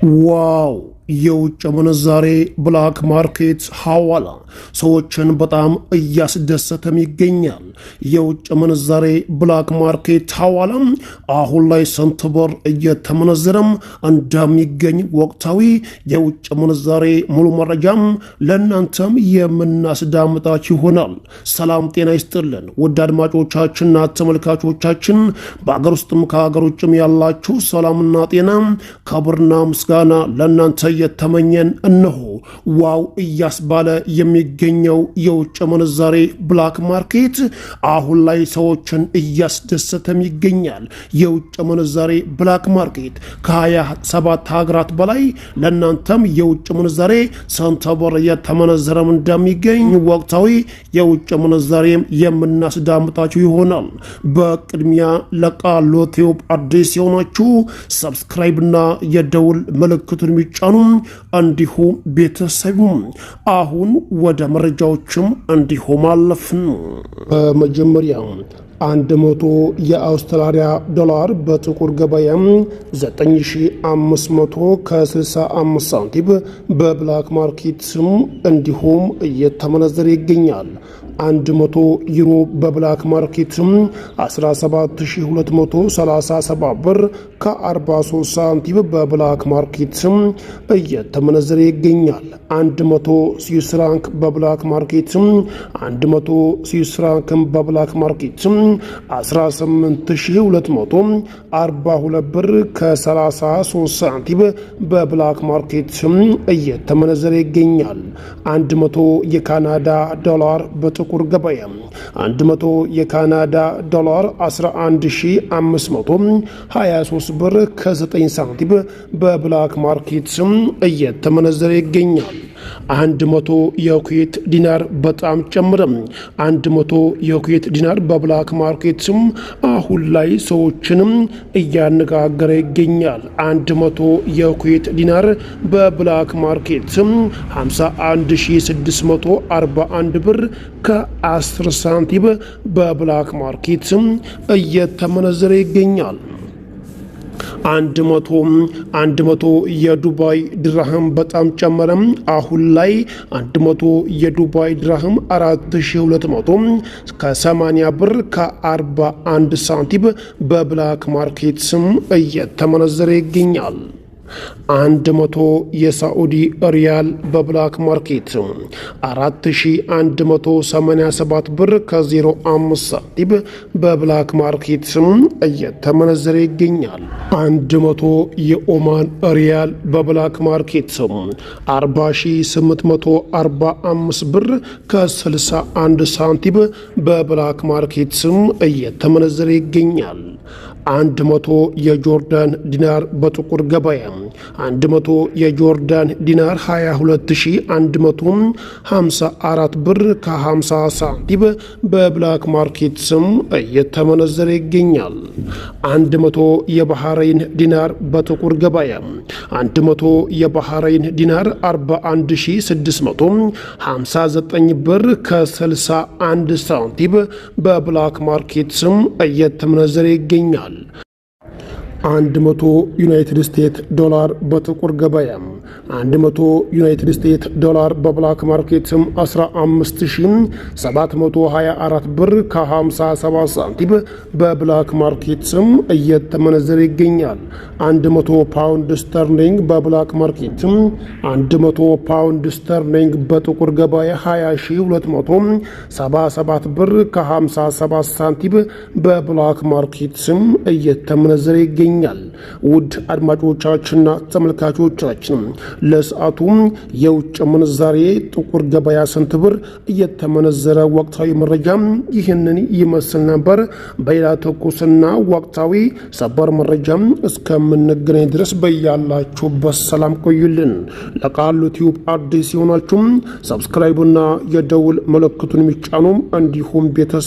Whoa. የውጭ ምንዛሬ ብላክ ማርኬት ሐዋላ ሰዎችን በጣም እያስደሰተም ይገኛል። የውጭ ምንዛሬ ብላክ ማርኬት ሐዋላ አሁን ላይ ስንት ብር እየተመነዘረም እንደሚገኝ ወቅታዊ የውጭ ምንዛሬ ሙሉ መረጃም ለእናንተም የምናስዳምጣች ይሆናል። ሰላም ጤና ይስጥልን ውድ አድማጮቻችንና ተመልካቾቻችን በአገር ውስጥም ከሀገር ውጭም ያላችሁ ሰላምና ጤና ከብርና ምስጋና ለእናንተ እየተመኘን እነሆ ዋው እያስባለ የሚገኘው የውጭ ምንዛሬ ብላክ ማርኬት አሁን ላይ ሰዎችን እያስደሰተም ይገኛል። የውጭ ምንዛሬ ብላክ ማርኬት ከ27 ሀገራት በላይ ለእናንተም የውጭ ምንዛሬ ሰንተበር እየተመነዘረም እንደሚገኝ ወቅታዊ የውጭ ምንዛሬም የምናስዳምጣችሁ ይሆናል። በቅድሚያ ለቃሉ ቲዩብ አዲስ የሆናችሁ ሰብስክራይብና የደውል ምልክቱን የሚጫኑም እንዲሁም ቤተሰቡ። አሁን ወደ መረጃዎችም እንዲሁም አለፍን። በመጀመሪያ አንድ መቶ የአውስትራሊያ ዶላር በጥቁር ገበያ 9500 ከ65 ሳንቲም በብላክ ማርኬትም እንዲሁም እየተመነዘረ ይገኛል። 100 ዩሮ በብላክ ማርኬት 17237 ብር ከ43 ሳንቲም በብላክ ማርኬት እየተመነዘረ ይገኛል። 100 ስዊስ ፍራንክ በብላክ ማርኬት 100 ስዊስ በብላክ ማርኬት 18242 ብር ከ33 ሳንቲም በብላክ ማርኬት እየተመነዘረ ይገኛል። 100 የካናዳ ዶላር በጥቁ ጥቁር ገበያ 100 የካናዳ ዶላር 11523 ብር ከ9 ሳንቲም በብላክ ማርኬት ስም እየተመነዘረ ይገኛል። አንድ መቶ የኩዌት ዲናር በጣም ጨምረ። አንድ መቶ የኩዌት ዲናር በብላክ ማርኬትስም አሁን ላይ ሰዎችንም እያነጋገረ ይገኛል። አንድ መቶ የኩዌት ዲናር በብላክ ማርኬትስም 51641 ብር ከ10 ሳንቲም በብላክ ማርኬትስም እየተመነዘረ ይገኛል። አንድ መቶ አንድ መቶ የዱባይ ድራህም በጣም ጨመረ አሁን ላይ አንድ መቶ የዱባይ ድራህም ሁለት መቶ ከሰማኒያ ብር ከአርባ አንድ ሳንቲም በብላክ ማርኬት ስም እየተመነዘረ ይገኛል። አንድ መቶ የሳዑዲ ሪያል በብላክ ማርኬት ሰባት ብር ከ አምስት ሳንቲም በብላክ ማርኬት እየተመነዘረ ይገኛል። መቶ የኦማን ሪያል በብላክ ማርኬት አምስት ብር ከ አንድ ሳንቲም በብላክ ማርኬት እየተመነዘረ ይገኛል። አንድ መቶ የጆርዳን ዲናር በጥቁር ገበያ አንድ መቶ የጆርዳን ዲናር 22154 ብር ከ50 ሳንቲም በብላክ ማርኬት ስም እየተመነዘረ ይገኛል። አንድ መቶ የባህረይን ዲናር በጥቁር ገበያ አንድ መቶ የባህሬን ዲናር 41659 ብር ከ61 ሳንቲም በብላክ ማርኬት ስም እየተመነዘረ ይገኛል። አንድ መቶ ዩናይትድ ስቴትስ ዶላር በጥቁር ገበያ 100 ዩናይትድ ስቴትስ ዶላር በብላክ ማርኬትም 15724 ብር ከ57 ሳንቲም በብላክ ማርኬት ስም እየተመነዘረ ይገኛል። 100 ፓውንድ ስተርሊንግ በብላክ ማርኬትም 100 ፓውንድ ስተርሊንግ በጥቁር ገበያ 20277 ብር ከ57 ሳንቲም በብላክ ማርኬት ስም እየተመነዘረ ይገኛል። ውድ አድማጮቻችንና ተመልካቾቻችን ለሰዓቱም የውጭ ምንዛሬ ጥቁር ገበያ ስንት ብር እየተመነዘረ ወቅታዊ መረጃ ይህንን ይመስል ነበር። በሌላ ትኩስና ወቅታዊ ሰበር መረጃ እስከምንገናኝ ድረስ በያላችሁበት ሰላም ቆዩልን። ለቃሉ ቲዩብ አዲስ የሆናችሁም ሰብስክራይብና የደውል ምልክቱን የሚጫኑም እንዲሁም ቤተሰብ